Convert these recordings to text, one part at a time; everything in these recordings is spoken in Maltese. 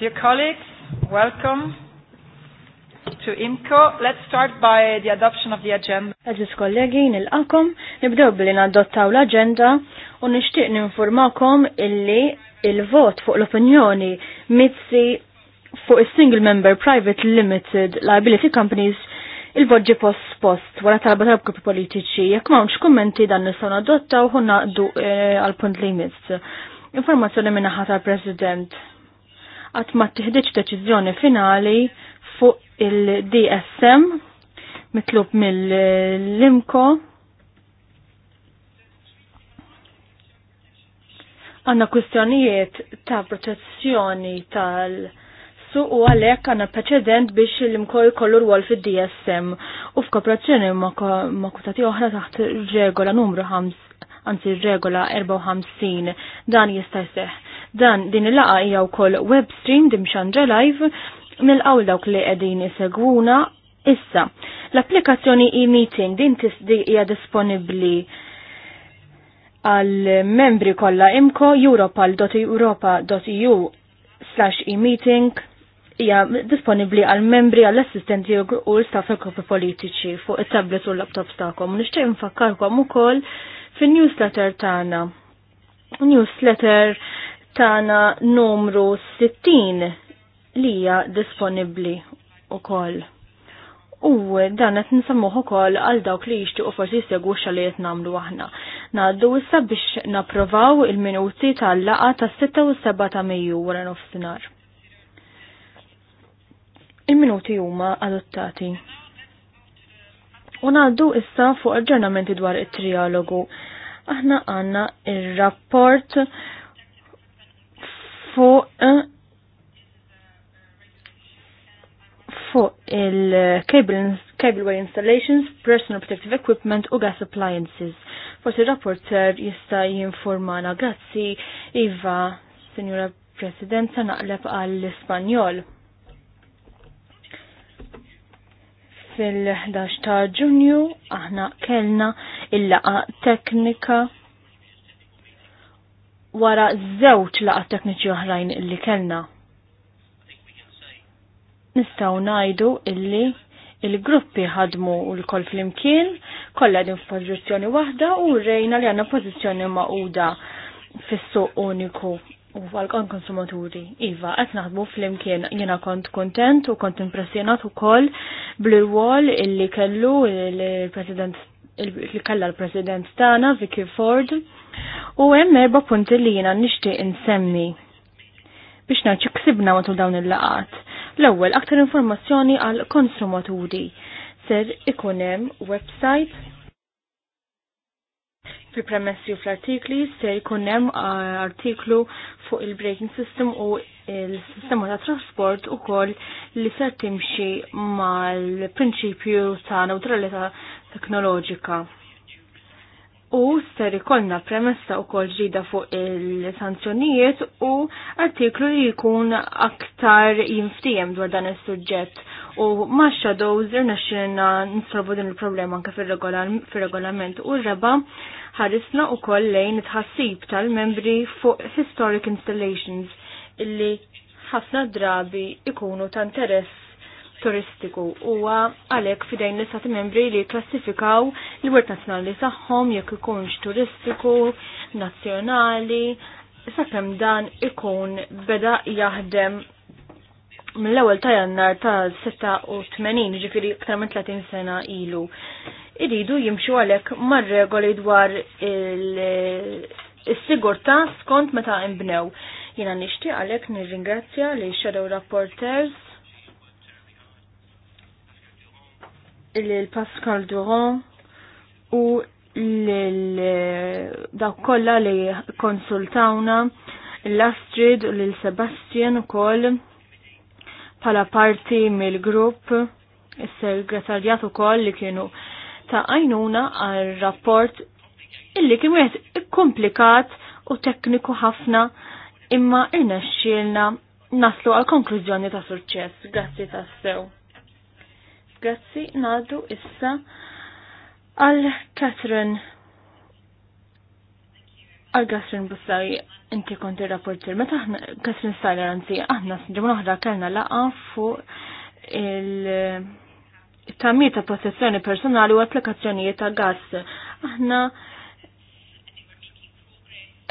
Dear colleagues, welcome to IMCO. Let's start by the adoption of the agenda. Aziz kollegi, nil-akom, nibdew billi nadottaw l-agenda u nishtiq ninformakom illi il-vot fuq l-opinjoni mitzi fuq il-Single Member Private Limited Liability Companies il-vot ġi post-post wara talba tal gruppi politiċi. Jekk m'hawnx kummenti dan nistgħu nadottaw u naqdu eh, għal-punt li jmiss. Informazzjoni minnaħa tal-President għat ma tiħdiċ deċiżjoni finali fuq il-DSM mitlub mill-Limko. Għanna kwistjonijiet ta' protezzjoni tal-suq u għalek għanna preċedent biex l-imko jkollu rwol fi dsm u f'kooperazzjoni ma' kutati oħra taħt regola numru 5 anzi regola 54 dan jista' jseħ. Dan din il-laqa hija wkoll web stream dimxandra live mill-qawl dawk li qegħdin isegwuna issa. L-applikazzjoni e-meeting din tisdi hija disponibbli għal membri kollha imko europal.europa.eu slash e-meeting hija disponibbli għal membri għall assistenti u l-staff il-kopi politiċi fuq it-tablet u l-laptops tagħkom. Nixtieq nfakkarkom ukoll fin-newsletter tagħna. Newsletter tana numru 60 li hija disponibbli koll. U dan qed nsemmuh ukoll għal dawk li jixtiequ forsi jsegwu x'għal qed nagħmlu aħna. Ngħaddu issa biex napprovaw il-minuti tal-laqa tas-6 u 7 ta' Mejju wara nofsinhar. Il-minuti huma adottati. U ngħaddu issa fuq aġġornamenti dwar it-trialogu. Aħna għandna ir-rapport fuq eh, fuq il-cableway eh, installations, personal protective equipment u gas appliances. Forsi il-rapporter jista jinformana. Grazzi, Iva, Signora Presidenza, naqleb għall-Ispanjol. Fil-11 ta' ġunju aħna kellna il-laqa teknika wara żewġ laqat tekniċi oħrajn illi kellna. Nistaw najdu illi il-gruppi ħadmu l-kol fl-imkien, kollha din f'pożizzjoni waħda u rejna li għandna pożizzjoni maquda fis-suq uniku u għal-kon konsumaturi. Iva, għet naħdmu fl-imkien jena kont kontent u kont impressjonat u koll bl wall illi kellu il-president il-kalla l-president tana, Vicky Ford, U hemm erba' punti li jiena nixtieq insemmi biex narċi ksibna matul dawn il-laqat. L-ewwel aktar informazzjoni għal konsumaturi. Ser ikun hemm website fil premessi u fl-artikli ser jkun hemm artiklu fuq il-braking system u il-sistema ta' trasport ukoll li ser timxi mal-prinċipju ta' neutralità teknoloġika u ser ikollna premessa u kol ġida fuq il-sanzjonijiet u artiklu li jkun aktar jinftijem dwar dan il sujġet u ma shadows irnexxina nsolvu din il-problema anke fir-regolament u reba ħarisna u koll lejn tħassib tal-membri fuq historic installations illi ħafna drabi ikunu ta' interess turistiku huwa għalhekk fidejn l-istati membri li klassifikaw l wirt nazzjonali tagħhom jekk ikunx turistiku nazzjonali sakemm dan ikun beda jaħdem mill-ewwel ta' jannar ta' 86 ġifieri aktar minn 30 sena ilu. Iridu jimxu għalhekk mar-regoli dwar il-sigurtà skont meta nbnew. Jiena nixtieq għalhekk nirringrazzja li shadow rapporters l-Pascal Duron u l-daw eh, kolla li konsultawna l-Astrid u l-Sebastian u koll pala parti mill-grupp il-segretarjat u koll li kienu ta' għajnuna għal rapport illi kien wieħed komplikat u tekniku ħafna imma irnexxielna naslu għal konklużjoni ta' suċċess. Grazzi tas-sew. Grazzi, naddu issa għal Catherine għal Catherine Bussaj inti konti rapportir Meta aħna Catherine Styler għanzi aħna ġimgħa uħra kellna laqa fuq il tammi ta' protezzjoni personali u applikazzjonijiet ta' gas. Aħna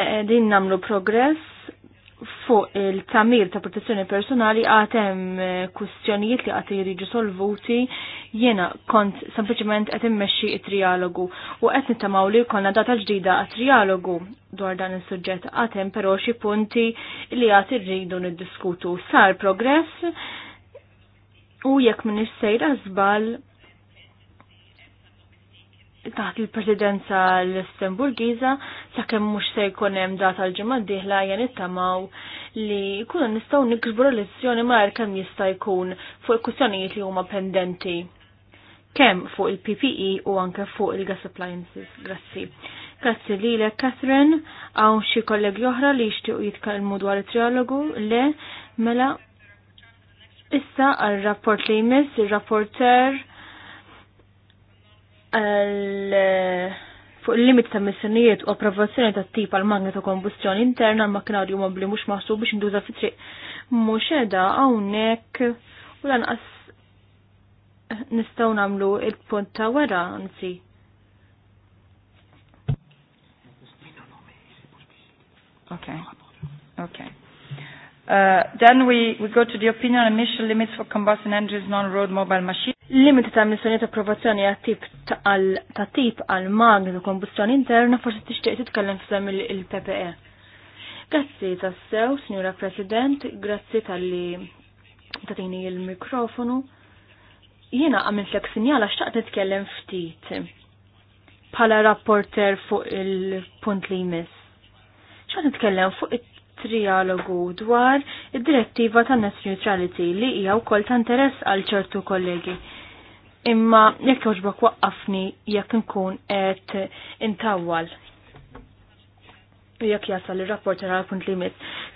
eh, din namlu progress fuq il-tamir ta' protezzjoni personali għatem eh, kustjonijiet li għati jiriġu solvuti jena kont sempliciment għet immexxi il trialogu u għet nittamaw li konna data ġdida għat-trialogu dwar dan il-sujġet għatem pero xi punti li għati rridu niddiskutu. Sar progress u jekk minn sejra zbal taħt il-presidenza l-Lussemburgiza sakemm mhux se jkun hemm data l-ġimgħa d-dieħla jan ittamaw li jkunu nistgħu nikbru l lezzjoni mar kemm jista' jkun fuq il kustjonijiet li huma pendenti. Kemm fuq il-PPE u anke fuq il-gas appliances. Grazzi. Grazzi lilek Catherine, hawn xi kollegi oħra li jixtiequ jitkalmu dwar it-trialogu le mela issa għal rapport li jmiss, il-rapporter Eh, fuq il-limit ta' missionijiet u approvazzjoni ta' tip għal magneto kombustjoni interna l-makkinarju mobli mux maħsub biex nduża fi triq mhux edha għawnek u lanqas eh, nistgħu nagħmlu il-punt ta' wara anzi. Okay. Okay. Uh, then we, we go to the opinion on emission limits for combustion engines non-road mobile machines. Limiti ta' missjoni ta' approvazzjoni ta' tip għal magni ta' kombustjoni interna forsi tixtieq titkellem f'sem il-PPE. Grazzi tas-sew, Signora President, grazzi tal-li tatini il-mikrofonu. Jiena għamil flek sinjala xtaq titkellem ftit bħala rapporter fuq il-punt li jmiss. Xtaqt nitkellem fuq it trialogu dwar id-direttiva ta' net neutrality li hija wkoll ta' interess għal ċertu kollegi. Imma jekk jogħġbok waqqafni jekk nkun qed intawwal. Jekk jasal ir-rapport għal punt li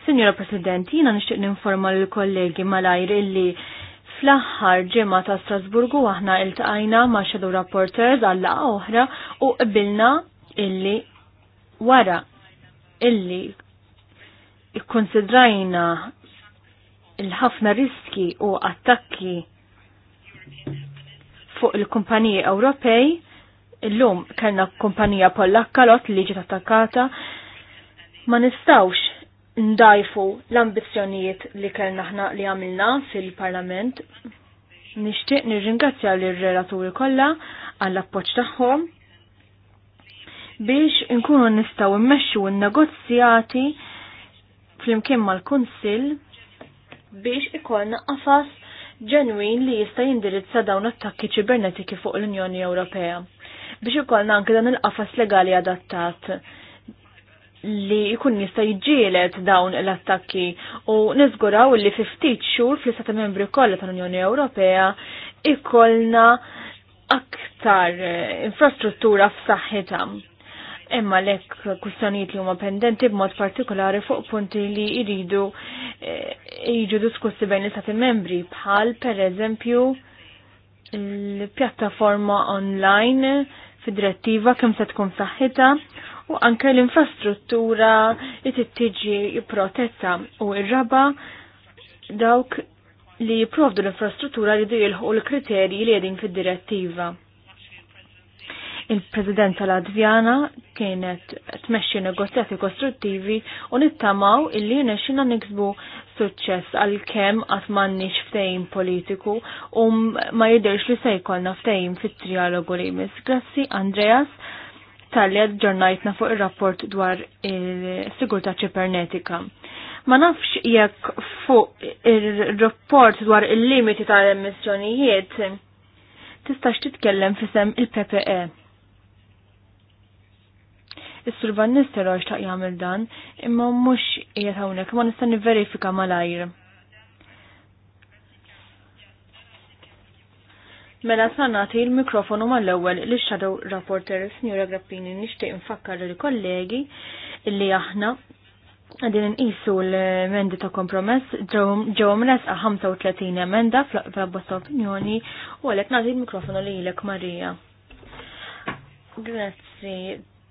Sinjora President, jiena nixtieq ninforma lill kollegi malajr illi Fl-aħħar ġimgħa ta' Strasburgu aħna iltqajna ma' Shadow Rapporters għal laqgħa oħra u qbilna illi wara illi ikkonsidrajna il-ħafna riski u attakki fuq il-kumpaniji Ewropej, illum kellna kumpanija Pollakka lot li ġiet attakkata, ma nistawx ndajfu l-ambizjonijiet li kellna ħna li għamilna fil-Parlament. Nixtieq nirringrazzja l-relaturi kollha għall-appoġġ tagħhom biex inkunu nistgħu immexxu n-negozjati flimkien mal-Kunsill biex ikollna qafas ġenwin li jista' jindirizza dawn attakki ċibernetiki fuq l-Unjoni Ewropea. Biex ikollna anke dan il-qafas legali adattat li jkun jista' jiġġieled dawn l-attakki u niżguraw li fi ftit xhur fl-istati membri kollha tal-Unjoni Ewropea ikollna aktar eh, infrastruttura f'saħħitha imma lekk kustanijiet li huma pendenti b'mod partikolari fuq punti li jridu eh, jiġu diskussi bejn l-istati membri bħal per eżempju l-pjattaforma online fid-direttiva kemm se tkun saħħita u anke l-infrastruttura li tittiġi protetta u r-raba dawk li jiprovdu l-infrastruttura li jilħu l-kriterji li jedin fid-direttiva il presidenta Latvjana kienet tmexxi negozjati kostruttivi u nittamaw illi nexxina niksbu suċċess għal kem qatt m'għandniex ftehim politiku u ma jidhirx li se jkollna fit-trialogu li jmiss. Grazzi Andreas tal-li ġornajtna fuq il-rapport dwar il-sigurta ċipernetika. Ma nafx jekk fuq il-rapport dwar il-limiti tal-emissjonijiet tistax titkellem fisem il-PPE. Is-Sur Van Nistelrooy xtaq jagħmel dan, imma mhux qiegħed hawnhekk, ma nista' nivverifika malajr. Mela sa nagħti l-mikrofonu mal-ewwel li shadow rapporter Sinjura Grappini nixtieq infakkar il-kollegi li aħna għadin nqisu l-emendi ta' kompromess ġew mresqa 35 emenda fl-abbozza opinjoni u għalhekk nagħti l-mikrofonu lilek Marija. Grazzi,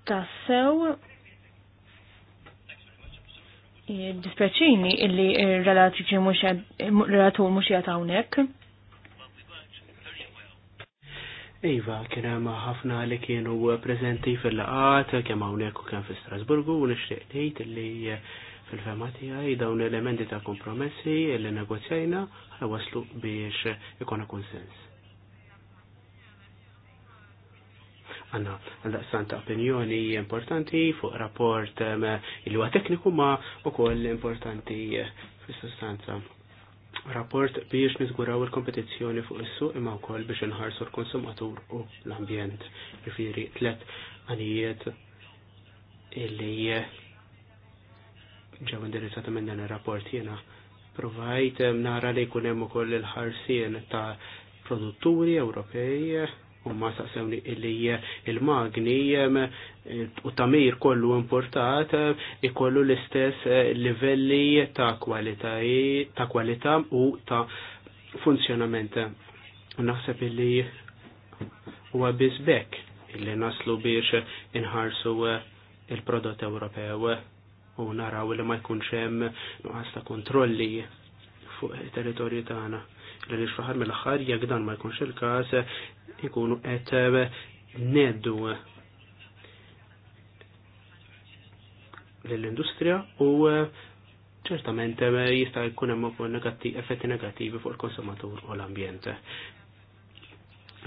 tassew dispeċini illi il-relatriċi relatur mux jatawnek. Iva, kien hemm ħafna li kienu prezenti fil-laqat, kemm hawnhekk u kemm fi Strasburgu, u nixtieq ngħid li fil-fema tiegħi dawn elementi ta' kompromessi li negozjajna waslu biex ikona konsens. għanna għal-daqsan ta' opinjoni importanti fuq rapport il huwa tekniku ma u koll importanti fis sustanza Rapport biex nizguraw il-kompetizjoni fuq is su imma wkoll biex inħarsu l-konsumatur u l-ambjent. Rifiri tlet għanijiet illi ġew indirizzata minn dan ir-rapport jiena provajt nara li jkun hemm ukoll il-ħarsien ta' produtturi Ewropej u ma saqsewni illi il-magni u tamir kollu importat ikollu l-istess eh, livelli ta' ta' kwalità u ta' funzjonament. U naħseb illi huwa bizbek illi naslu biex inħarsu eh, il-prodott Ewropew u naraw li ma jkunx hemm nuqqas ta' kontrolli fuq it-territorju tagħna. Għaliex faħar mill-axħar jekk dan ma jkunx il-każ ikunu qed eh, neddu eh, lill-industrija u eh, ċertament jista' jkun hemm ukoll effetti negattivi fuq il-konsumatur u l-ambjent.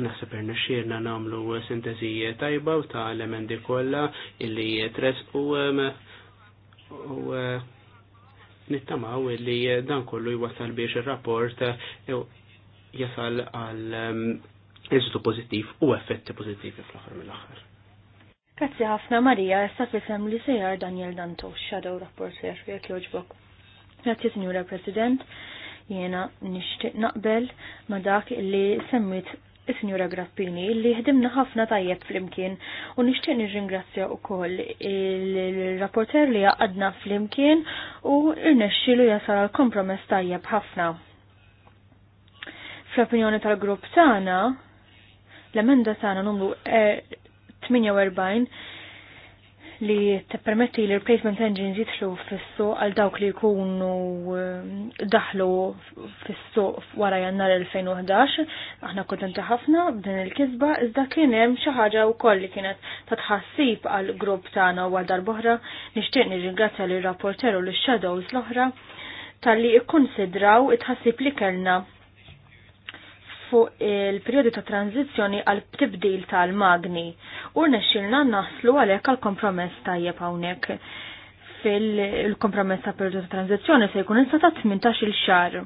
Naħseb irnexxielna nagħmlu sintesi tajba u ta' elementi kollha illi tres u u nittamaw li eh, dan kollu jwasal biex il-rapport eh, jasal għal ehm, eżitu pozittiv u effetti pozittivi fl aħħar mill-axar. Grazzi ħafna Marija, issa fisem li sejjar Daniel Danto, Shadow Rapporter, jek joġbok. Grazzi Signora President, jena nishtiq naqbel ma dak li semmit Is-Sinjura Grappini li ħdimna ħafna tajjeb flimkien u nixtieq nirringrazzja wkoll il-rapporter li għadna flimkien u irnexxilu jasal għal kompromess tajjeb ħafna. Fl-opinjoni tal-grupp tagħna, l-emenda tagħna numru 48 e- li t-permetti li replacement engines jitlu fissu għal dawk li jkunu eh, daħlu fissu wara jannar 2011. Aħna kontenti ħafna b'din il-kisba, iżda kien hemm xi ħaġa wkoll li kienet ta' tħassib għal grupp tagħna u dar boħra, nixtieq nirringrazzja lir rapporteru l-shadows l-oħra tal-li ikkonsidraw it-ħassib li kellna fuq il periodi ta' tranzizjoni għal tibdil tal-magni u nexxilna naslu għalhekk għal kompromess tajjeb hawnhekk fil-kompromess ta' periodi ta' tranzizjoni se jkun insa ta' 18 il xar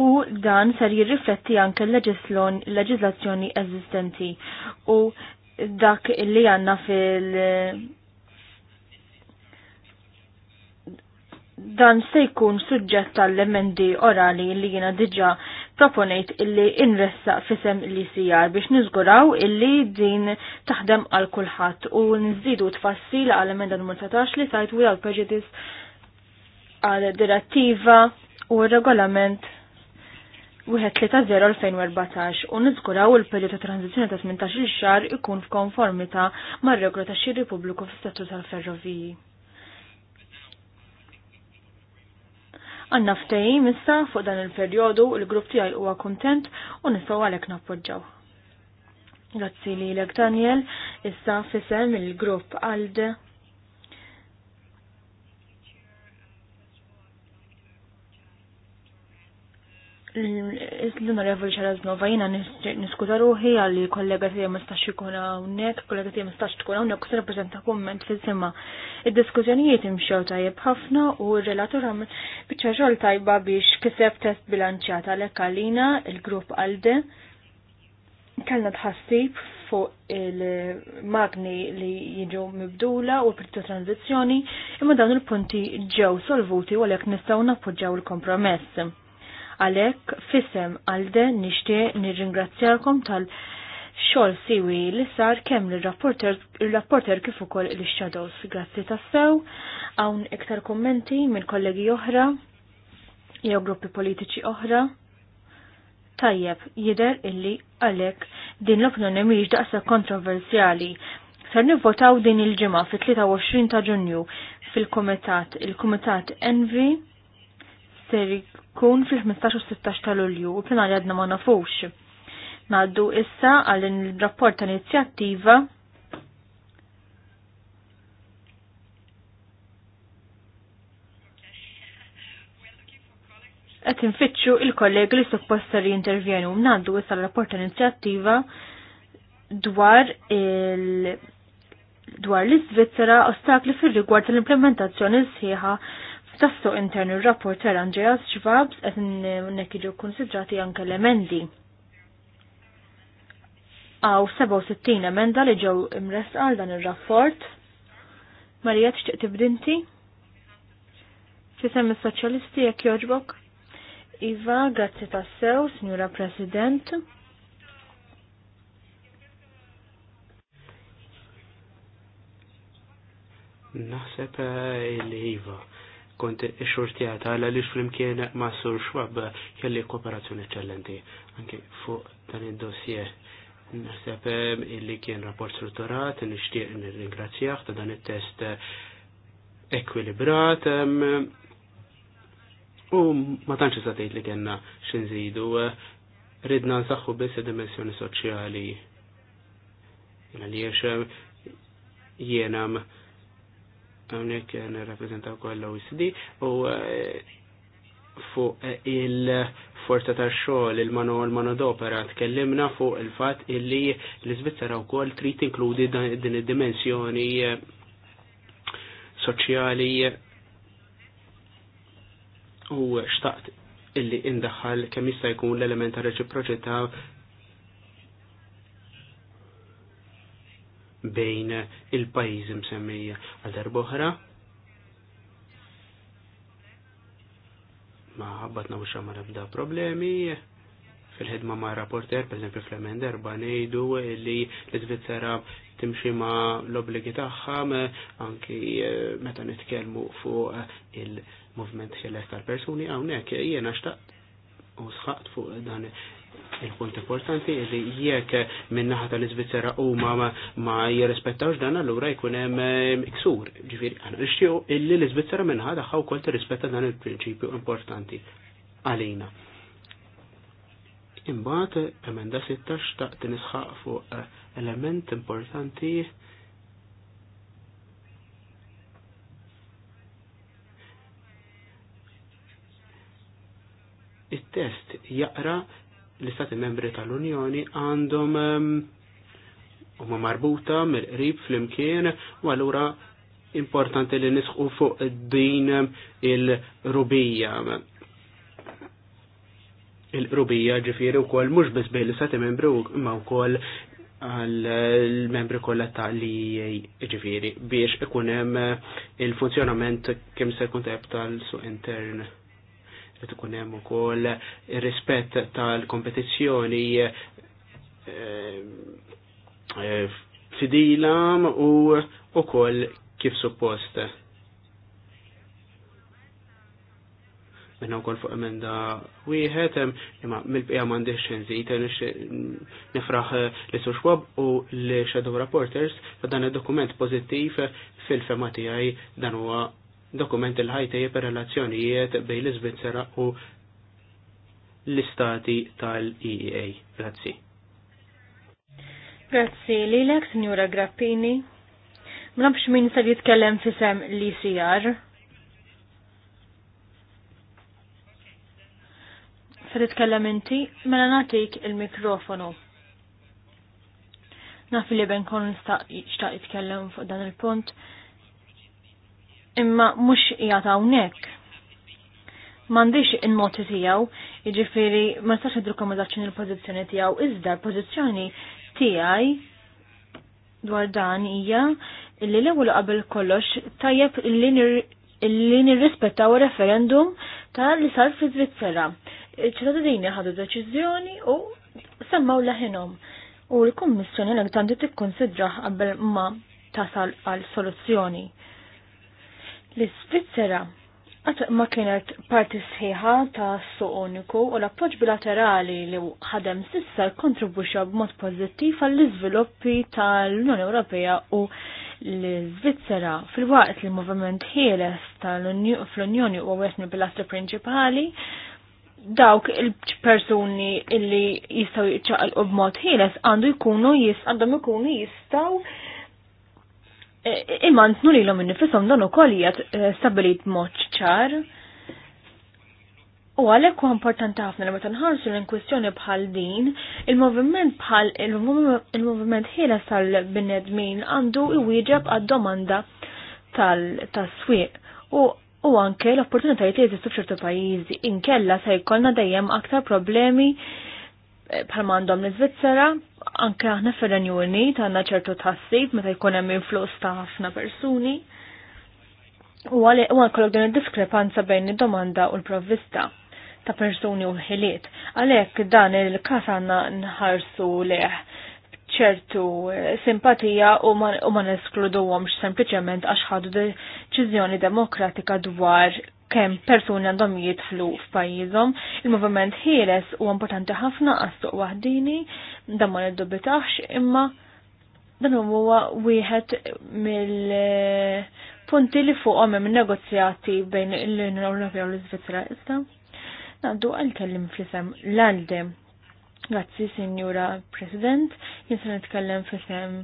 u dan ser jirrifletti anke l-leġislazzjoni eżistenti u dak li għanna fil- dan se jkun suġġett tal-emendi orali li jiena diġa proponejt illi inressa fisem li sijar biex nizguraw illi din taħdem għal kulħadd u nżidu tfassil għal emenda numru 13 li sajt without prejudice għal direttiva u regolament 1-3-0-2014 u nizguraw il-periodu ta' tranzizjoni ta' 18 xar ikun f'konformità mar-regola ta' xiri pubbliku fis-settur tal-ferroviji. Għanna ftejim issa fuq dan il-perjodu il-grupp tiegħi huwa kuntent u nistgħu għalhekk nappoġġaw. Grazzi l-ek Daniel, issa fisem il-grupp Alde l-Onorevoli Nova, jina niskuta ruħi għalli kollega tija mistax ikun hawnhekk, kollega tija mistax tkun hawnhekk, kus rappreżenta komment fil-sema. Id-diskussjonijiet imxew tajjeb ħafna u r-relatur għam biċċa xogħol tajba biex kiseb test bilanċjata għalhekk kalina il-grupp għalde. kellna tħassib fuq il-magni li jiġu mibdula u l-prittu imma dawn il-punti ġew solvuti u għalhekk nistgħu nappoġġaw il-kompromess Għalek, fissem għalde nishtie nirringrazzjakom tal-xol siwi li sar kemm l-rapporter kif ukoll l-shadows. Grazzi tassew, hawn iktar kommenti minn kollegi oħra jew gruppi politiċi oħra. Tajjeb, jider illi għalek din l-opinjoni miġ daqsa kontroversjali Ser nivvotaw din il-ġimgħa fit-23 ta' Ġunju fil-Kumitat, il-Kumitat Envi ser jkun fil-15 u 16 ta' Lulju u plenarja għadna ma nafux. Naddu issa għal il-rapport ta' inizjattiva Qed infittxu il-kollegi li supposter jintervjenu ngħaddu issa l-rapport inizjattiva dwar il dwar l svizzera ostakli fil rigward tal-implementazzjoni sħiħa tassu internu rapporter Andreas Schwabs qed unnek konsidrati anke l-emendi. Għaw 67 emenda li ġew imres għal dan ir-rapport. Marija tixtieq tibdinti? Fisem il soċjalisti jekk jogħġbok? Iva, grazzi tassew, Signora President. Naħseb eh, il Iva kont xortijata għal li fl-imkien ma' Sur xwab kelli kooperazzjoni eccellenti anke fuq dan id-dossier. Naħseb ehm, illi kien rapport strutturat, nixtieq ringrazzjaħ ta' dan il test ekwilibrat ehm, u ma tantx tgħid li kellna x'inżidu ridna nsaħħu biss id-dimensjoni soċjali. Għaliex ehm, jiena hawnhekk nirrapprezentaw koll l-OECD u eh, fuq eh, il-forza ta' xogħol il manual l-manodopera tkellimna fuq il-fatt illi l-Iżvizzera wkoll trid tinkludi din id-dimensjoni eh, soċjali u xtaqt illi indaħħal kemm jista' jkun l-element ta' reċiproċità bejn il-pajjiżi msemmija għal darboħra. Ma ħabbatna u xamar ebda problemi fil ħedma ma' rapporter, per esempio fl-emen darba nejdu li l-Svizzera timxi ma' l-obligi tagħhom anki eh, meta nitkellmu fuq eh, il-movement ħiles tal-persuni hawnhekk jiena xtaqt u sħaqt fuq dan il-punt importanti li jekk naħa tal-Iżvizzera u ma ma jirrispettawx dan allura jkun hemm eh, iksur. Ġifieri aħna nixtiequ illi l-Iżvizzera naħa tagħha wkoll tirrispetta dan il-prinċipju importanti għalina. Imbagħad emenda 16 ta' tinisħaq fuq eh, element importanti it-test jaqra l-Istati membri tal-Unjoni għandhom huma marbuta mill-qrib fl-imkien u allura importanti li nisħu fuq din il-rubija. Il-rubija ġifiri u kol mux bis bej l-istati membri u ma u kol għal-membri kolla ta' li ġifiri biex ikunem il-funzjonament kem se kunteb tal-su intern qed ikun hemm ukoll ir-rispett tal-kompetizzjoni eh, eh, fidilam u ukoll kif suppost. minna u kol fuq emenda wieħed imma mill-bqija m'għandix nżid nifraħ li Surxwab u li Shadow Reporters ta' dan id-dokument pożittiv fil-fema tiegħi dan huwa dokument il-ħajtejjeb relazzjonijiet bejn l svizzera u l-istati tal-EEA. Grazzi. Grazzi lilek, Signora Grappini. Ma nafx min se jitkellem fisem l-ICR. Se jitkellem inti, mela nagħtik il-mikrofonu. Naf li ben sta' xtaq jitkellem fuq dan il-punt imma mhux jagħta hawnhekk. M'għandix il-moti tiegħu, jiġifieri ma nistax nidrikomendax il-pożizzjoni tiegħu, iżda l-pożizzjoni tiegħi dwar dan hija li l-ewwel qabel kollox tajjeb li nirrispettaw referendum ta' li sar fi Zvizzera. Ċittadini ħadu deċiżjoni u semmaw leħinhom. U l-Kummissjoni l-għandu tikkonsidraħ qabel ma tasal għal soluzzjoni. L-Svizzera għat ma kienet parti sħiħa ta' suq uniku u l-appoġġ bilaterali li ħadem sissa kontribuxa b'mod pożittiv għall-iżviluppi tal-Unjoni Ewropea u l-Svizzera fil-waqt li moviment ħieles tal-Unjoni u għetni bil-astri prinċipali dawk il-persuni illi jistaw jitċaqal u b'mod ħieles għandu jkunu jis għandhom ikunu jistaw Eh, imantnu li l-om nifisom dan u kolijat eh, stabilit moċ ċar. U għalek ku importanti ħafna li meta nħarsu l-inkwistjoni bħal din, il-moviment bħal il-moviment ħieles tal-binedmin għandu iwieġeb għad-domanda tal-swieq u anke l-opportunitajiet li jeżistu f'ċertu pajjiżi inkella se jkollna dejjem aktar problemi bħalma għandhom l-Svizzera, anke aħna fil-Renjuni ta' għandna ċertu tassib meta jkun hemm influss ta' ħafna persuni. U għal kollok din id-diskrepanza bejn id-domanda u l-provvista ta' persuni u ħiliet. Għalhekk dan il-każ għandna nħarsu leħ ċertu eh, simpatija u ma neskluduhomx sempliċement għax ħadu deċiżjoni demokratika dwar kemm persuni għandhom jitħlu f'pajjiżhom. il movement ħieles u importanti ħafna għas-suq waħdini, dan ma niddubitax, imma dan huwa wieħed mill-punti li fuqhom hemm negozjati bejn l-Unjoni Ewropea u l-Iżvizzera issa. Naddu għal-kellim fl-isem l-għalde. Grazzi, Signora President. Jinsa nitkellem fl-isem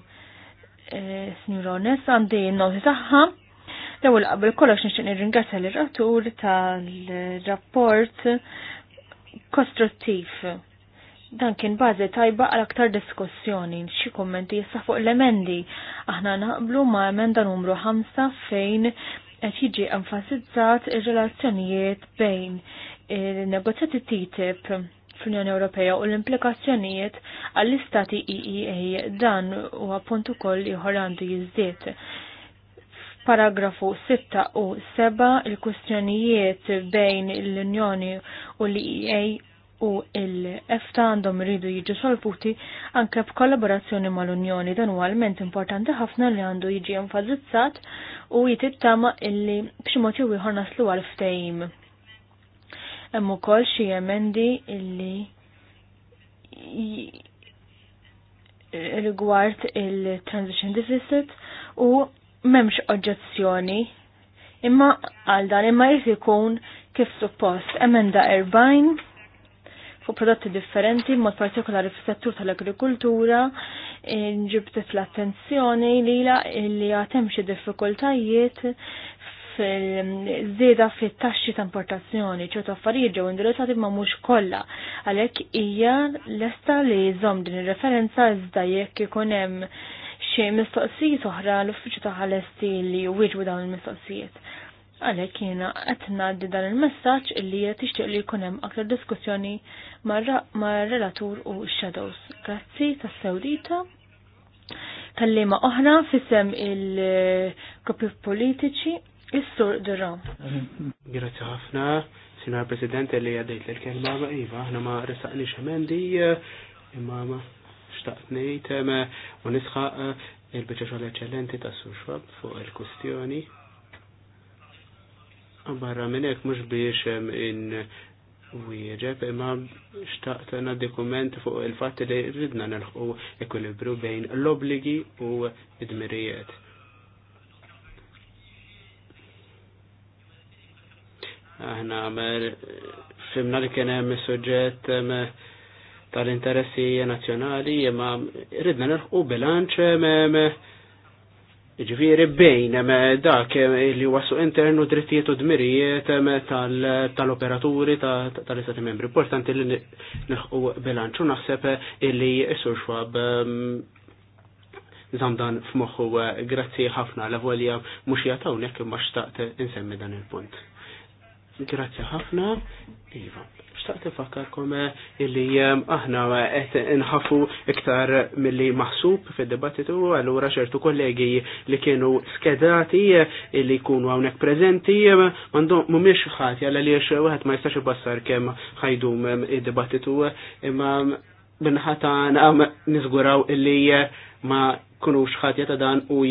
eh, Signora Ones, għandi n-noti taħħa L-ewwel qabel kollox nixtieq nirringrazzja l ratur tal-rapport kostruttiv. Dan kien bażi tajba għal aktar diskussjoni, xi kummenti issa fuq l-emendi. Aħna naqblu ma' emenda numru 5 fejn qed jiġi enfasizzat ir-relazzjonijiet bejn il-negozjati TTIP fl-Unjoni Ewropea u l-implikazzjonijiet għall-istati EEA dan u appuntu koll iħor għandu jizdiet. Paragrafu 6 u 7 il-kustjonijiet bejn l-Unjoni u l-EA u l-EFTA għandhom iridu jiġu solvuti anke b'kollaborazzjoni mal-Unjoni dan huwa element importanti ħafna li għandu jiġi enfazizzat u jitittama illi b'xi mod ieħor naslu għal ftehim. Hemm ukoll xi emendi illi rigward il-transition deficit u memx oġġezzjoni imma għal dan imma jirti ikun kif suppost emenda erbajn fuq prodotti differenti mod partikolari fis-settur tal-agrikultura ġibtet l-attenzjoni lila li għatem xi diffikultajiet fil-żieda fit-taxxi ta' importazzjoni, ta' affarijiet ġew indirizzati ma kolla kollha. Għalhekk hija lesta li jżomm din ir-referenza iżda jekk ikun hemm xi mistoqsijiet oħra l-uffiċċju ta' ħalesti li wieġbu dawn il-mistoqsijiet. Għalhekk jiena qed ngħaddi dan il-messaġġ illi qed tixtieq li jkun hemm aktar diskussjoni mar-relatur u x-shadows. Grazzi tas-sewdita kallima oħra fissem il-kopju politiċi Is-sur Dura. Grazzi ħafna, Sinar President li għaddejt l-kelma Iva, aħna ma resaqni xamendi, imma xtaqt ngħid eh, u nisħaq eh, il-biċċa xogħol eċċellenti ta' Surxwab fuq il-kustjoni. Barra minnek mux biex in wieġeb imma xtaqt għandna dokument fuq il-fatt li ridna nelħu ekwilibru bejn l-obligi u id mirijiet Aħna għamel fimna li kien hemm suġġett tal-interessi nazzjonali imma rridna nerħu bilanċ ġviri bejn dak li wasu internu drittijiet u dmirijiet tal-operaturi tal-istati membri. Importanti li nerħu bilanċu naħseb illi jessu xwab zamdan f'moħħu grazzi ħafna l-avolja mux jatawnek imma xtaqt insemmi dan il-punt. Grazzi ħafna, Iva xtaqt nfakkarkom eh, illi eh, aħna qed eh, inħafu iktar milli maħsub fid-dibattitu allura ċertu kollegi li kienu skedati illi jkunu hawnhekk preżenti mhumiex ħati għal għaliex wieħed ma jistax ibassar kemm ħajdum id-dibattitu imma minħata nizguraw illi ma kunu ħatja ta' dan u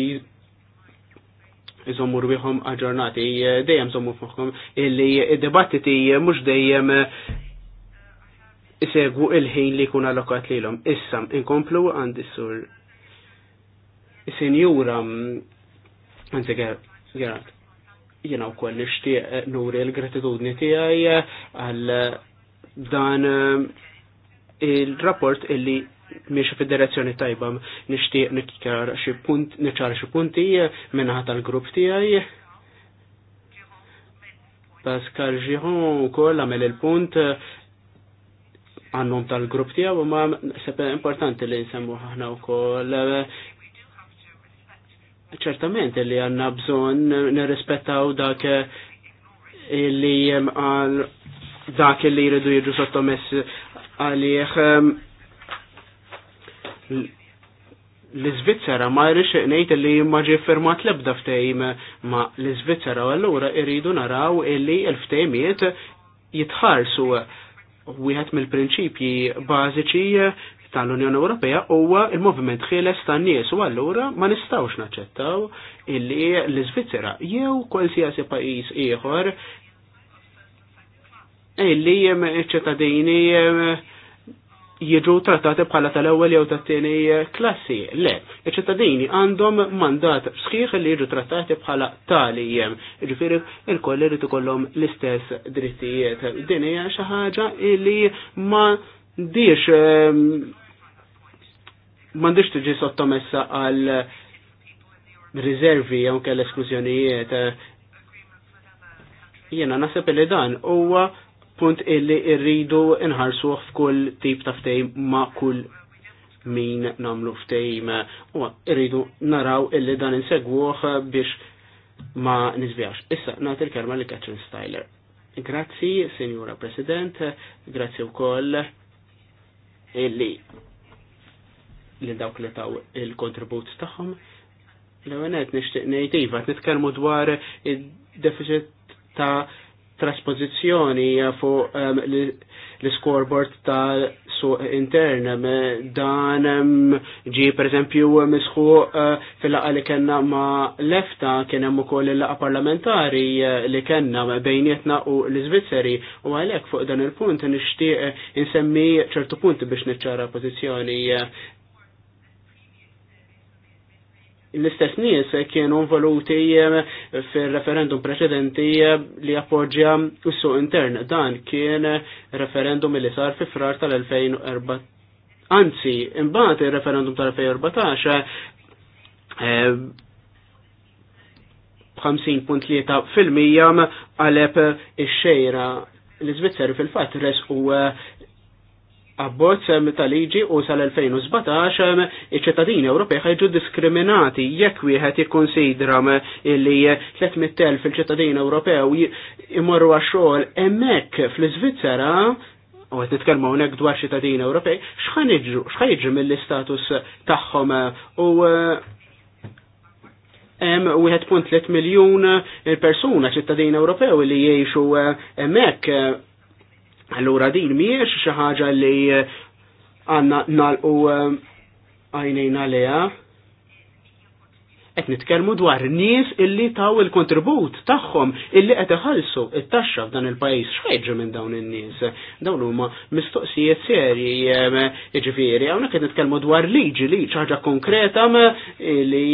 jżommu rwiħom aġġornati, dejjem żommu fuqhom illi id-debattiti mhux dejjem isegwu il-ħin li li allokat lilhom. Issa inkomplu għandi sur senjura għanzi għerat, jena u koll nishtiq nuri l-gratitudni tiegħi għal dan eh, il-rapport illi miex fid-direzzjoni tajbam nishtiq nitkar xie punt niċar xi punti minnaħa tal-grupp tiegħi. Pascal Giron ukoll għamel il-punt għannum tal-grupp tijaw, ma sepp importanti li nsemmu ħahna u koll. ċertament li għanna bżon nirrispettaw dak li għal dak li jridu jirġu sottomess għalieħ l-Svizzera ma jrix nejt li ma ġi firmat lebda ftejm ma l-Svizzera u allura irridu naraw illi l-ftejmiet jitħarsu wieħed mill-prinċipji bażiċi tal-Unjoni Ewropea huwa il-moviment ħieles tan-nies u allura ma nistgħux naċċettaw illi l-Iżvizzera jew kwalsiasi pajjiż ieħor illi ċittadini jiġu trattati bħala tal-ewwel jew tat-tieni klassi. Le, iċ-ċittadini għandhom mandat sħiħ li jiġu trattati bħala tali jem. Ġifieri il-koll irid ikollhom l-istess drittijiet. Din hija xi ħaġa li ma ndix m'għandix ehm, tiġi sottomessa għal riservi jew kell esklużjonijiet. Jiena naħseb li dan huwa punt illi irridu inħarsu f'kull tip ta' ftejm ma' kull min namlu ftejm u irridu naraw illi dan insegwuh biex ma nizbjax. Issa, nagħti il-kelma li Catherine Styler. Grazzi, Signora President, grazzi u koll illi li dawk li taw il-kontribut tagħhom. L-għanet nishtiq nejtiva, nitkelmu dwar il-deficit ta' trasposizjoni fuq um, l-scoreboard tal suq intern dan um, ġi per esempio misħu uh, fil-laqa li kena ma lefta kien hemm ukoll il-laqa parlamentari uh, li kena bejnietna u l-Iżvizzeri u għalhekk fuq dan il-punt nixtieq uh, insemmi ċertu punti biex niċċara pożizzjoni l-istess nies kienu voluti eh, fil-referendum preċedenti eh, li appoġġja s-suq intern. Dan kien referendum li sar fi frar tal-2014. Anzi, imbagħad il-referendum tal-2014 50.3 eh, fil-mija għaleb ix-xejra l-Iżvizzeri fil-fatt u abbozz tal-liġi u sal-2017 iċ-ċittadini Ewropej ħajġu diskriminati jekk wieħed jikkonsidra li 300.000 fil-ċittadini Ewropew imorru għax-xogħol hemmhekk fl-Iżvizzera u għet nitkelmu hawnhekk dwar ċittadini Ewropej, xħajġu mill-istatus tagħhom u hemm eh, 1.3 miljun persuna ċittadini Ewropew li jgħixu eh, hemmhekk eh, Allura din miex xi ħaġa li eh, għandna nalqu eh, għajnejna leha qed nitkellmu dwar nies illi taw il-kontribut tagħhom illi qed iħallsu it-taxxa f'dan il-pajjiż x'ħejġu minn dawn in-nies. Dawn huma mistoqsijiet serji jiġifieri hawnhekk qed nitkellmu dwar liġi li ħaġa konkreta li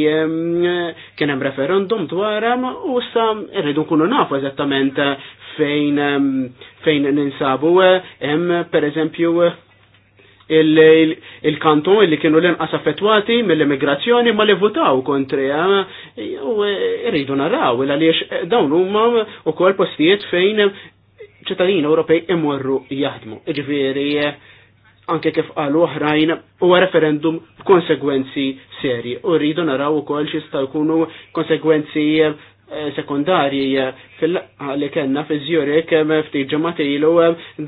kien hemm referendum dwar u sa rridu nkunu nafu eżattament fejn fejn ninsabu hemm pereżempju il-kanton li kienu l-inqas affettwati mill-immigrazzjoni ma li votaw kontri u eh, eh, irridu narraw il għaliex eh, dawn huma wkoll postijiet fejn ċittadini Ewropej imorru jaħdmu. Ġifieri anke kif qalu oħrajn huwa referendum b'konsegwenzi serji. U rridu naraw ukoll kol jkunu konsegwenzi Eh, sekundarji eh, fil-li kena fi Zjurik eh, ftit ġemati ilu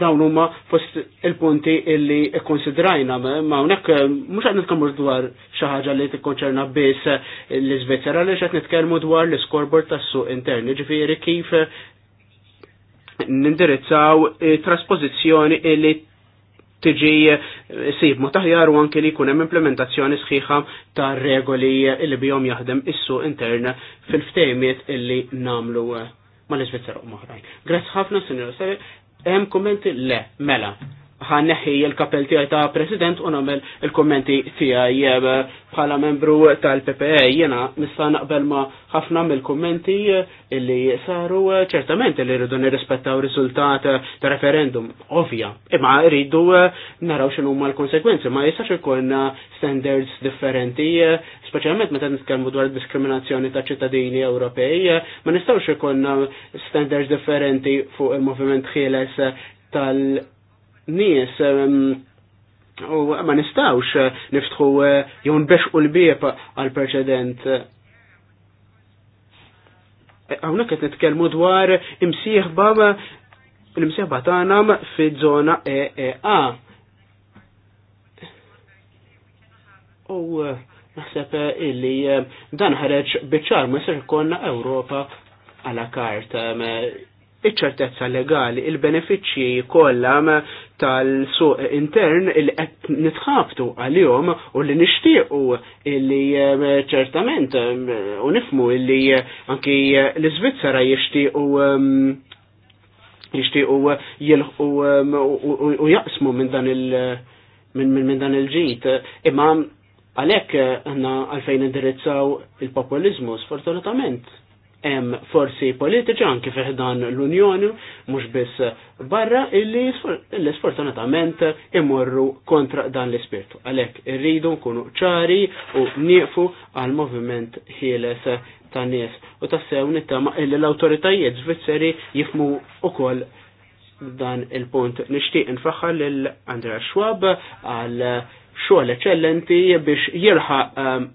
dawn huma fost il-punti illi konsidrajna ma unek mux qed nitkamur dwar xaħġa li t-konċerna bis l-Svizzera li xaħt nitkellmu dwar l-scoreboard tas-suq interni ġifiri kif nindirizzaw trasposizjoni illi tiġi eh, sib taħjar u anke li jkun hemm implementazzjoni sħiħa tar regoli eh, li bihom jaħdem issu intern fil-ftejmiet illi namlu eh, mal-Iżvizzera u maħrajn. Grazzi ħafna, Sinjor Sari. Hemm kummenti? Le, mela ħanneħi l-kapell tiegħi ta' President u nagħmel il-kummenti tiegħi bħala membru tal ppa e, jiena nista' naqbel ma' ħafna mill-kummenti illi saru ċertament li rridu nirrispettaw riżultat ta' referendum ovvja. Imma rridu naraw xinu ma' l-konsekwenzi ma jistax ikun standards differenti, speċjalment meta nitkellmu dwar diskriminazzjoni ta' ċittadini Ewropej, ma nistgħux ikun standards differenti fuq il-moviment ħieles tal- nies u ma nistawx eh, niftħu eh, jew u l-bieb għal preċedent. Eh, hawnhekk qed nitkellmu dwar imsieħba l-imsieħba tanam fiż-żona EEA. U naħseb illi dan ħareġ biċar ma jisir konna Ewropa għala kart iċ-ċertezza legali, il-benefiċċji kollha tal-suq intern li qed nitħabtu għalihom u li nixtiequ illi eh, ċertament eh, u nifmu illi eh, anki l-Iżvizzera jixtiequ ehm, jixtiequ jilħu ehm, u jaqsmu minn dan il- minn dan il-ġit. Imma għalhekk aħna għalfejn indirizzaw il-populizmu, sfortunatament hemm forsi politiċi anke fih dan l-Unjoni mhux biss barra illi sfortunatament imorru kontra dan l-ispirtu. Għalhekk irridu nkunu ċari u nieqfu għal moviment ħieles ta' nies u tassew nittama illi l-awtoritajiet Zvizzeri jifmu ukoll dan il-punt. Nixtieq nfaħħar lil Andrea Schwab għal xogħol eċċellenti biex jilħaq ehm,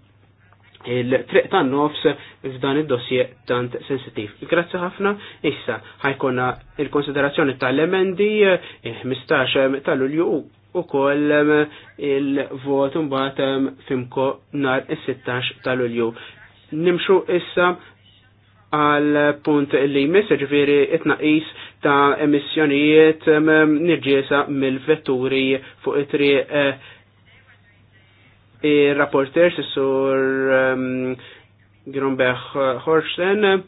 il-triq tan nofs f'dan id-dossier tant sensitiv. Grazzi ħafna, issa ħajkonna il-konsiderazzjoni tal-emendi 15 tal-ulju u koll il-vot mbagħad fimko nar is-16 tal-ulju. Nimxu issa għal punt li jmiss ġifiri it-naqis ta' emissjonijiet nirġiesa mill-vetturi fuq it-triq eh, il-rapporter sur um, Grunberg uh, Horsten,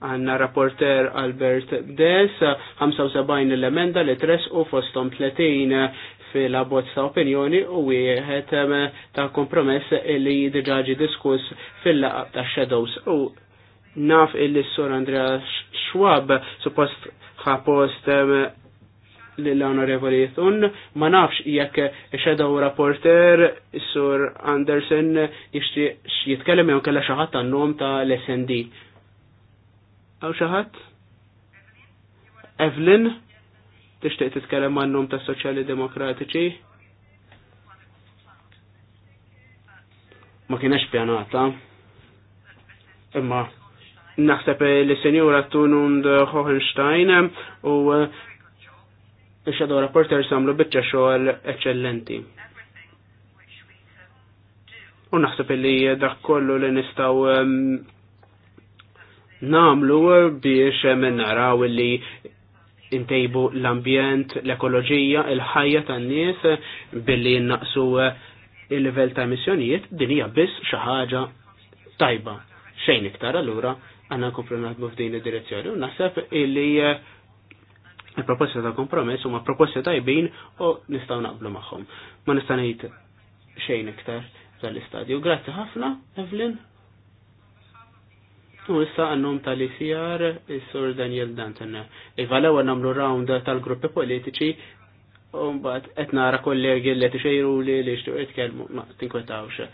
għanna rapporter Albert Des, 75 l-emenda li tres u fostom 30 fil-abbozz ta' opinjoni u wieħed um, ta' kompromess li diġaġi diskuss fil-laqab ta' Shadows. U naf il-sur Andrea Schwab suppost ħapost um, l-onorevoli jitun, ma nafx jekk shadow rapporter sur Anderson jitkellem jew kella xaħat tan-nom ta' l-SND. Aw xaħat? Evelyn, tixtieq titkellem nom ta' Soċjali Demokratiċi? Ma kienex pjanata. Imma naħseb li senjura Tunund Hohenstein u il-shadow rapporter samlu bieċa xoħal eccellenti. U naħseb li dak kollu li nistaw namlu biex naraw li intejbu l-ambjent, l-ekoloġija, il-ħajja tan-nies billi naqsu il-level ta' emissjonijiet din hija biss xi ħaġa tajba. Xejn iktar allura għandna nkomplu naħdmu f'din id-direzzjoni u naħseb illi il-proposti ta' kompromess huma proposti tajbin u nistgħu naqblu magħhom. Ma nista' ngħid xejn iktar tal-istadju. Grazzi ħafna, Evelyn. U issa għannum tal-ICR is-Sur Daniel Danton. Iva l namlu nagħmlu round tal-gruppi politiċi u mbagħad qed nara kollegi li xejru li li xtuq jitkellmu ma tinkwetawx.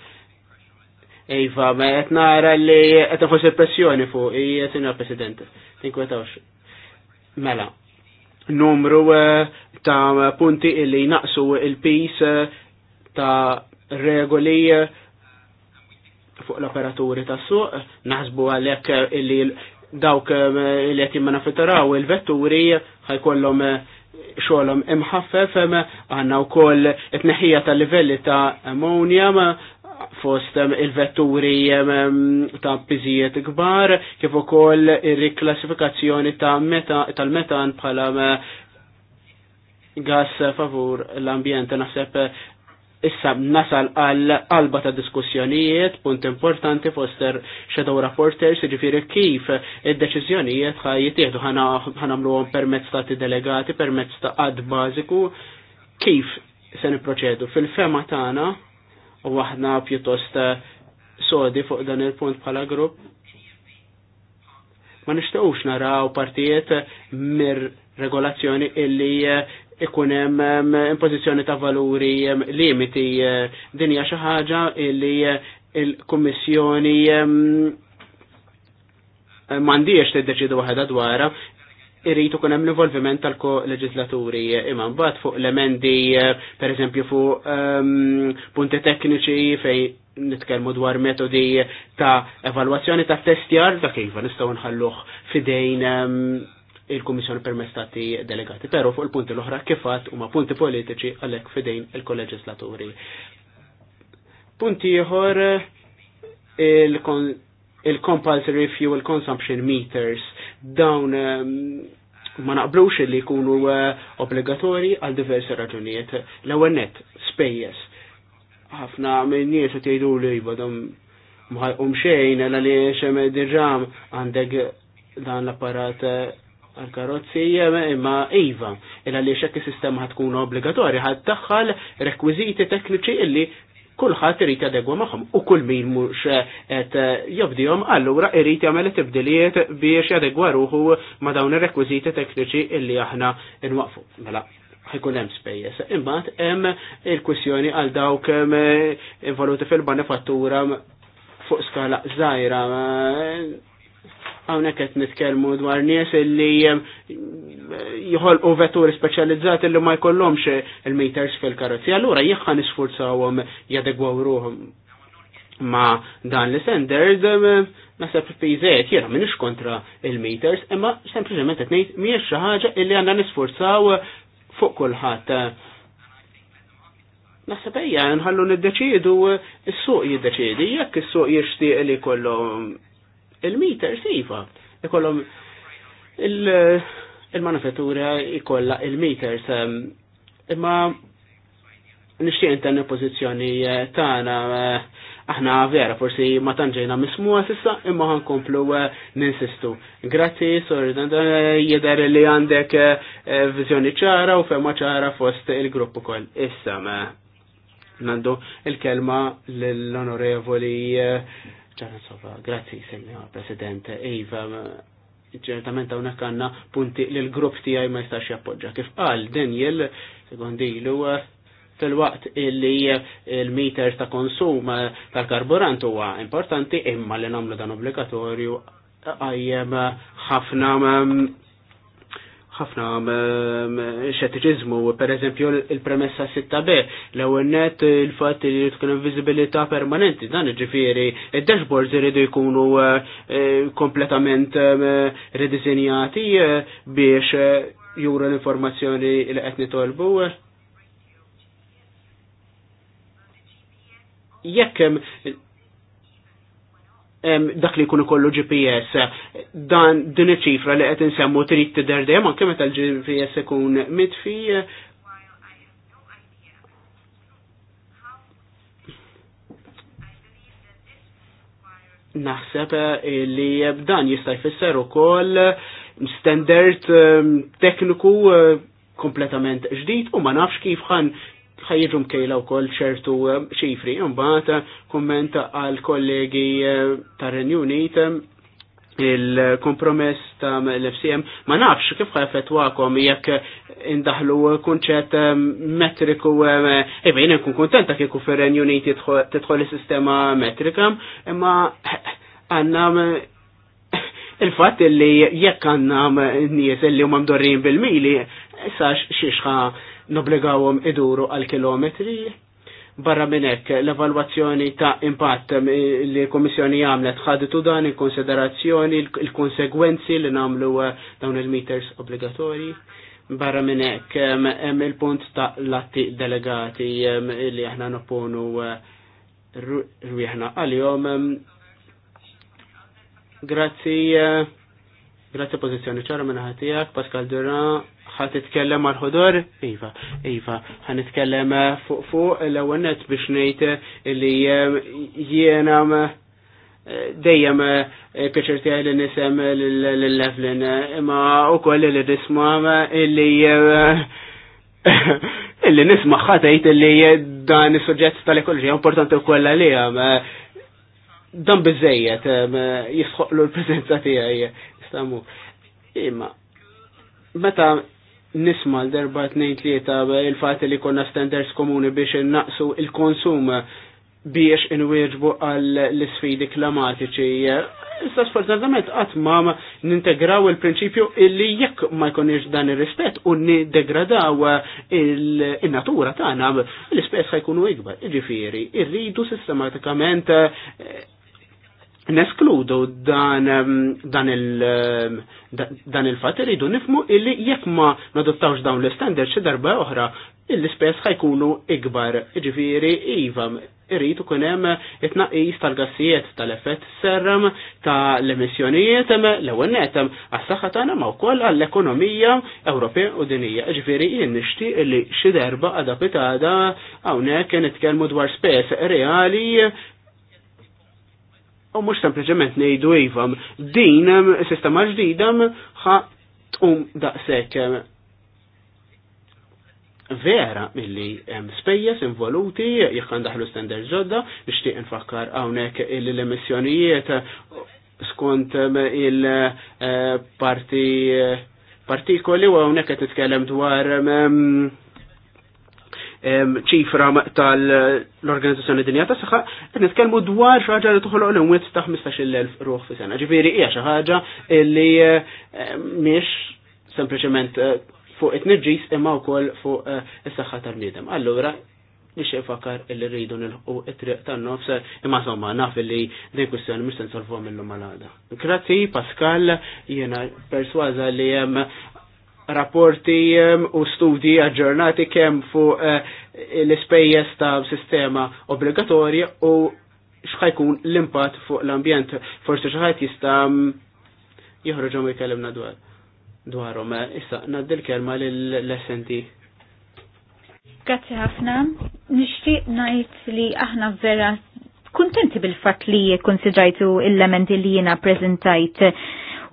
Iva, ma qed nara li qed nħoss il-pressjoni fuq hija sinjor President. Tinkwetawx. Mela, numru eh, ta' punti illi naqsu il-pis eh, ta' regoli eh, fuq l-operaturi ta' suq, naħsbu għalek illi dawk li qed nafittaraw il-vetturi ħajkollhom xogħolhom imħaffef għandna wkoll koll tneħħija tal-livelli ta' ammonja fost il-vetturi ta' pizijiet kbar, kif ukoll ir-riklassifikazzjoni ta' meta tal-metan bħala gas favur l-ambjent. Naħseb issa nasal għal qalba ta' diskussjonijiet, punt importanti foster shadow rapporters, ġifiri kif id-deċizjonijiet ħaj jittieħdu ħanamluhom permezz ta' delegati, permezz ta' għad bażiku, kif se niproċedu. Fil-fema tagħna u aħna pjuttost eh, sodi fuq dan il-punt bħala grupp. Ma nixtaqux naraw partijiet mir regolazzjoni illi eh, ikun hemm eh, impożizzjoni ta' valuri limiti din hija xi ħaġa illi il-Kummissjoni mandiex t-deċidu waħda dwarha, irritu kunem l-involviment tal-ko-leġislaturi imman bat fuq l-emendi eh, per esempio fuq um, punti tekniċi fej nitkelmu dwar metodi ta' evalwazzjoni ta' testjar ta' iva kifan nistgħu nħalluh fidejn um, il-Kummissjoni permess delegati. Però fuq il-punti l-oħra kifat huma punti politiċi għalhekk fidejn il-kolleġislaturi. Punti ieħor il-compulsory fuel consumption meters dawn ehm, ma naqblux li jkunu eh, obbligatori għal diversi raġunijiet. L-ewwel net, spejjeż. Ħafna minn nies qed jgħidu li iva, jbadhom mħalqum xejn għal li xem dirġam għandek dan l-apparat eh, għal-karozzi eh, imma iva, illa li xekk sistema ħatkun obbligatorja ħad taħħal rekwiziti tekniċi illi kulħadd irid jadegwa magħhom u kull min mhux qed eh, jobdihom allura irid jagħmel tibdiliet biex jadegwa ruħu ma' dawn ir-rekwiżiti tekniċi illi aħna nwaqfu. Mela, ħajkun hemm spejjeż. Imbagħad hemm il-kwissjoni għal dawk involuti fil-manifattura fuq skala żgħira Hawnhekk qed nitkellmu dwar nies illi ehm, u vetturi speċjalizzati li ma jkollhomx il-meters fil-karozzi. Allura jieħħa nisfurzawhom jadegwaw ruhom ma dan li senders ehm, nasab fizet jena minix kontra il-meters imma sempliciment qed ngħid mhijiex xi ħaġa illi għandna nisforzaw fuq kulħadd. Naħseb ejja nħallu niddeċiedu s suq jiddeċiedi jekk is-suq jixtieq li kollu il-meter sifa. Ikollhom il-manufattura ikolla il-meters. Ehm, imma nixtieq intenni pożizzjoni eh, tagħna eh, aħna vera forsi ma tanġejna mismuha sissa imma ħankomplu eh, ninsistu. Grazzi, sorry, jidher li għandek viżjoni ċara u fema ċara fost il-grupp ukoll. Issa nandu il-kelma l-onorevoli Ċaranzova, grazzi, semmiħa, President. Eva, ċertament hawnhekk għandna punti li l-grupp tiegħi ma jistax jappoġġa. Kif qal Daniel, l fil-waqt illi il meter ta' konsum tal-karburant huwa importanti imma li nagħmlu dan obbligatorju għajjem ħafna ħafna um, um, xettiċizmu, per eżempju il-premessa 6b, l net il-fat li tkun viżibilità permanenti, dan ġifiri, il-dashboards iridu jkunu uh, uh, kompletament um, redizinjati uh, biex juru l-informazzjoni li qed nitolbu. Jekk dak li jkun ikollu GPS. Dan din ċifra li qed insemmu trid tidher dejjem anke meta l-GPS ikun mitfi eh. naħseb eh, li dan jista' jfisser ukoll eh, standard tekniku kompletament ġdid u ma nafx kif ħan ħajġu mkejla wkoll ċertu eh, ċifri Imbagħad eh, kumment għal kollegi eh, tar-Renju Unit il-kompromess ta' l-FCM ma nafx kif ħafetwakom jekk indaħlu kunċett metriku ebejn kun kontenta kieku fir-Renju Unit tidħol is-sistema metrika imma għandna il-fatt li jekk n nies li huma mdorrin bil-mili sax xiexħa noblegawhom iduru għal kilometri. Barra minn hekk l-evalwazzjoni ta' impatt li l-Komissjoni għamlet ħaditu dan in konsiderazzjoni il-konsegwenzi li nagħmlu eh, dawn il-meters obbligatorji. Barra minn hekk hemm il-punt ta' latti delegati li aħna nopponu eh, rwieħna għal-jom. Grazzi eh, Grazie pozizjoni ċara minna ħatijak, Pascal Dura, ħat itkellem għal ħodor Iva, Iva, ħan itkellem eh, fuq fuq l-għonet biex nejt eh, li eh, jiena dejjem pieċerti għaj li nisem l-Levlin, imma u koll li nism'am illi illi nisma ħatajt illi dan il-sujġet tal-ekologija importanti u koll li dan bizzejiet jisħoqlu l-prezenza tijaj stamu. Imma, meta nisma l-darba 2-3 il-fat li konna standards komuni biex naqsu il-konsum biex inwieġbu għall l-sfidi klimatiċi. Issa sfortunatament qatt ma nintegraw il-prinċipju illi jekk ma jkunx dan ir-rispett u nidegradaw il-natura tagħna l-ispess ħajkunu ikbar. Ġifieri, irridu sistematikament neskludu dan, dan il- dan il-fat irridu nifmu illi jekk ma nadottawx dawn l-standard xi darba oħra, l-ispess ħajkunu ikbar, ġifiri iva, irritu kunem it tnaqqis tal-gassijiet tal-effett serram ta' l-emissjonijiet l-ewwel netem għas-saħħa tagħna ma wkoll għall-ekonomija Ewropea u dinija. Ġifieri jien nixtieq li xi derba għadha pitada hawnhekk nitkellmu dwar spess reali u mux sempliciment nejdu ivam, din sistema ġdida ħa tqum daqsek vera illi hemm spejjeż involuti jekk daħlu standard ġodda nixtieq nfakkar hawnhekk l-emissjonijiet skont il-parti eh, eh, partikoli u hawnhekk qed titkellem dwar ċifra tal-Organizzazzjoni Dinja ta' Saħħa, qed nitkellmu dwar xi ħaġa li toħloq l wiet ta' 15,000 ruħ fi sena. Ġifieri hija xi ħaġa li mhix sempliċement eh, fuq it-tniġġis imma wkoll fuq eh, is-saħħa tal-bniedem. Allura biex ifakar illi rridu nilħu it-triq tan-nofs imma somma naf illi din kwistjoni mhux se nsolvuha minnhom malada. Grazzi Pascal jiena persważa li hemm rapporti ehm, u studji aġġornati kemm fuq eh, l-ispejjeż ta' sistema obbligatorja u x'ħajkun l-impatt fuq l-ambjent. Forsi xi ħadd jista' ehm, joħroġhom jkellimna dwar dwarhom. Eh, issa ngħaddi l-kelma lill-SND. Grazzi ħafna. Nixtieq ngħid li aħna vera kuntenti bil-fatt li konsidrajtu l lementi li jena prezentajt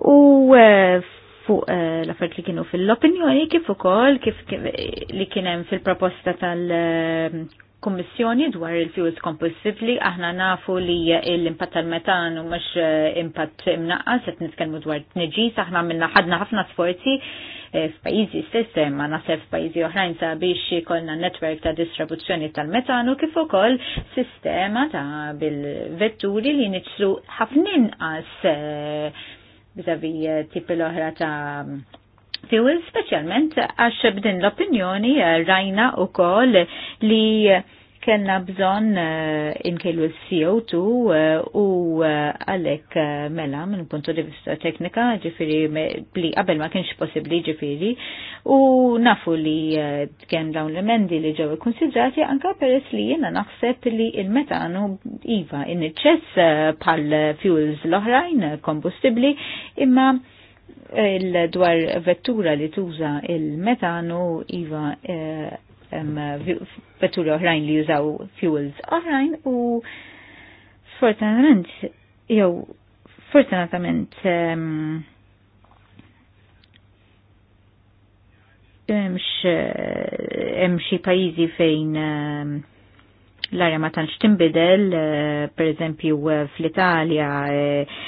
u eh, fuq eh, l-affarijiet li kienu fil-opinjoni kif ukoll kif li kien hemm fil-proposta tal- eh, kummissjoni dwar il-fuels compulsively, aħna nafu li l-impatt tal-metan u mux eh, impatt imnaqqas, qed nitkellmu dwar t aħna minna ħadna ħafna sforzi f'pajjiżi stess, ma nasef f'pajjiżi oħrajn sabiex ikollna netwerk ta' distribuzzjoni tal metan u kif ukoll sistema ta' bil-vetturi li niċlu ħafna inqas bizavi eh, tipi l-oħra ta' fuel, specialment għax b'din l-opinjoni eh, rajna u koll li kellna bżonn eh, inkejlu eh, l-CO2 u eh, għalek mela minn puntu di vista teknika ġifieri li qabel ma kienx possibbli ġifieri u nafu li kemm dawn l-emendi li ġew ikkunsidrati anke peress li jiena naħseb li il-metanu iva in-niċċess pal fuels l-oħrajn kombustibbli imma il-dwar vettura li tuża il-metanu iva vetturi oħrajn li jużaw fuels oħrajn u fortunatament jew fortunatament hemm xi pajjiżi fejn l-arja ma tantx tinbidel, eh, per eżempju eh, fl-Italja eh,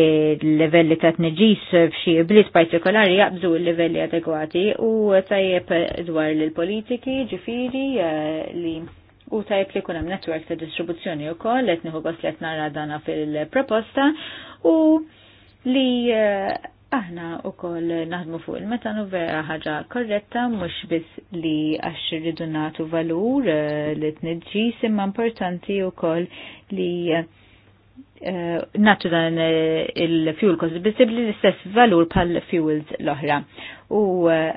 il-livelli ta' tneġis f'xi bliet partikolari jaqbżu il-livelli adegwati u tajjeb dwar l-politiki ġifiri eh, li u tajjeb li kunem network ta' distribuzzjoni u koll, let nħu għos let nara dana fil-proposta u li eh, aħna u koll naħdmu fuq il-metanu vera ħaġa korretta, mux bis li għax rridu natu valur eh, li t-nidġis imma importanti u koll li Eh, natu dan eh, il-fuel cost visibli l-istess valur pal fuels l-oħra. U eh,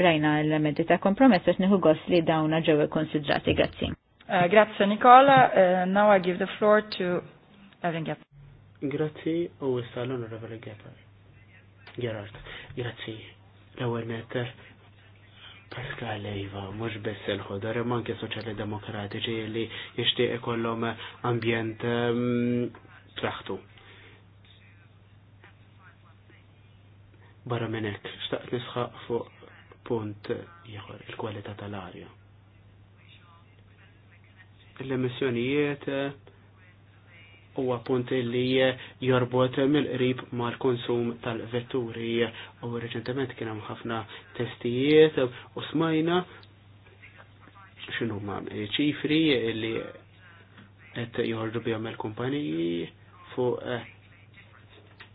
rajna l-elementi ta' kompromess għax nħu gost li dawna ġewa konsidrati. Grazzi. grazie Nicola. now I give the floor to Evan Gepard. Grazzi u issa l-onorevole Gepard. Gerard, grazzi. l ewel netter Pascal Leiva, mhux bess il-ħodar, manke anke demokratiċi li jixtieq ikollhom ambjent mm, traħtu. Barra minn hekk, xtaqt nisħaq fuq punt jħor, il-kwalità tal-arja. L-emissjonijiet eh, huwa punt li jorbot mill-qrib mal-konsum tal-vetturi u reċentement kien hemm ħafna testijiet u smajna xinu ma ċifri li qed joħorġu mill il-kumpaniji fuq eh,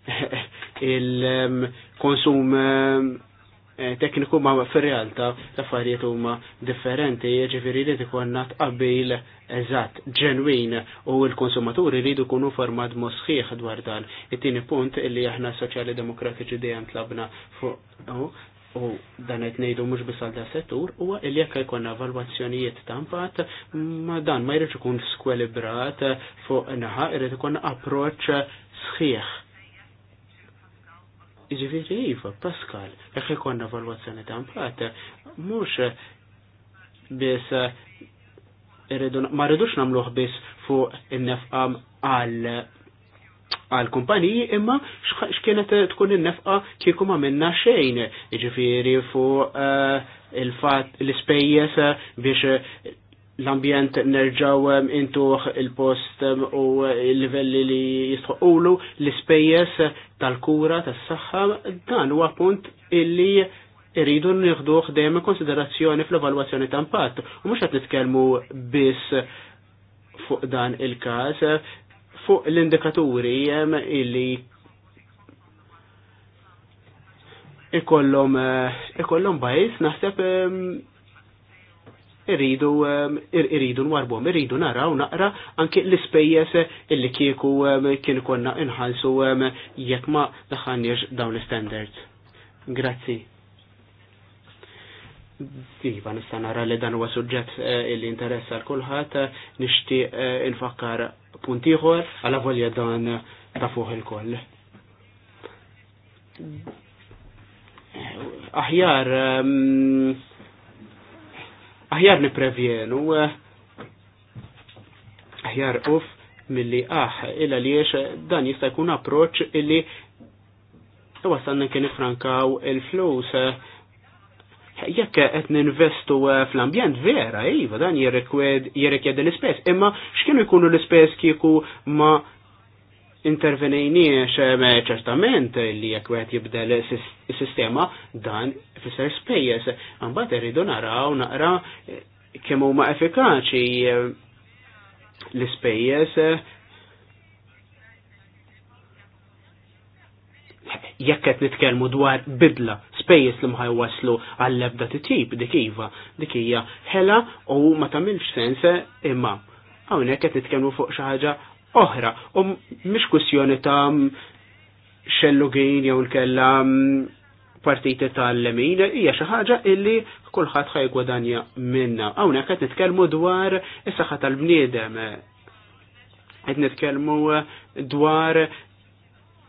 il-konsum um, um, eh, tekniku ma fil-realtà l-affarijiet huma differenti, jiġifieri li tikonna tqabbil eżatt, ġenwin u l-konsumaturi jridu jkunu format mosħiħ dwar dan. It-tieni punt illi aħna soċjali demokratiċi dejjem tlabna fuq eh, u dan qed ngħidu mhux biss għal settur huwa li jekk jkun evalwazzjonijiet ta' impatt ma dan ma jridx ikun skwelibrat fuq naħa irid ikun approċċ sħiħ. Ġifieri iva, Pascal, jekk ikun valwazzjoni ta' impatt mhux biss ma rridux nagħmluh biss fuq in-nefqam għal għal kumpaniji imma x'kienet tkun il nefqa kieku ma minna xejn, jiġifieri fuq eh, il fat l-ispejjeż biex l-ambjent nerġaw eh, intuħ il-post eh, u il-livelli li jistħuqulu l spejjes tal-kura, tas-saħħa, dan huwa punt illi irridu nieħduh dejjem konsiderazzjoni fl-evalwazzjoni ta' impatt. U mhux qed nitkellmu biss fuq dan il-każ, fuq l-indikaturi illi ikollom eh, ikollom bajs naħseb irridu irridu nwarbhom, irridu naraw naqra anki l-ispejjeż illi kieku kien konna inħallsu jekk ma daħħalniex dawn l-standards. Grazzi. Iva, nista' nara li dan huwa suġġett eh, li interessa l kulħadd, eh, nixtieq infakkar punt ieħor għal volja dan ta' fuq il-koll. Aħjar ehm, aħjar niprevjenu eh, aħjar uf milli aħ illa li dan jista' jkun approċċ illi wasanna kien ifrankaw il-flus eh, jekk qed ninvestu eh, fl-ambjent vera, iva dan jirrikjedi l ispejs Imma x'kienu jkunu l ispejs kieku ma intervenejniex eh, ċertament li jekk qed jibdel is-sistema dan fisser spejjeż. Imbagħad irridu naraw naqra eh, kemm huma effikaċi l-ispejjeż jekk qed nitkellmu dwar bidla spejjeż li mħaj waslu għall-ebda titjib dik iva, dik hija ħela u ma tagħmilx sens imma. Hawnhekk qed nitkellmu fuq xi ħaġa oħra u mhix kwissjoni ta' xellugin jew nkella mm, partiti tal-lemin hija xi ħaġa illi kulħadd gwadanja minna. Hawnhekk qed nitkellmu dwar is-saħħa tal-bniedem qed nitkellmu dwar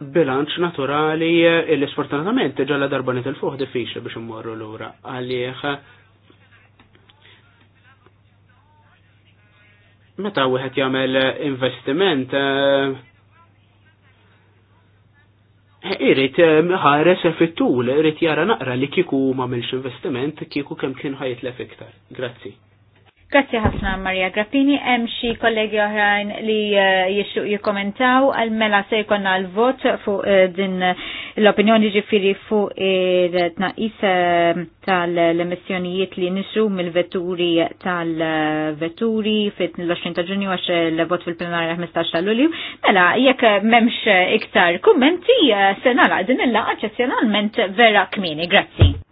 bilanċ naturali illi sfortunatament ġalla darba nitilfuħ diffiċli biex immorru lura għalieħ. meta wieħed jagħmel investiment eh, irrit eh, ħares fit-tul, irrit jara naqra li kieku ma milx investiment, kieku kemm kien lef iktar. Grazzi. Grazzi ħafna Maria Grappini, hemm xi kollegi oħrajn li eh, jixtieq jikkommentaw għal mela se jkollna l-vot fuq eh, din l-opinjoni ġifieri fuq il-tnaqis eh, tal-emissjonijiet li nixu mill-vetturi tal-vetturi fit l-20 ta' Ġunju għax l-vot fil-plenarja 15 ta' Lulju. Mela jekk m'hemmx iktar kummenti se nagħlaq din il-laqgħa eċċezzjonalment vera kmini. Grazzi.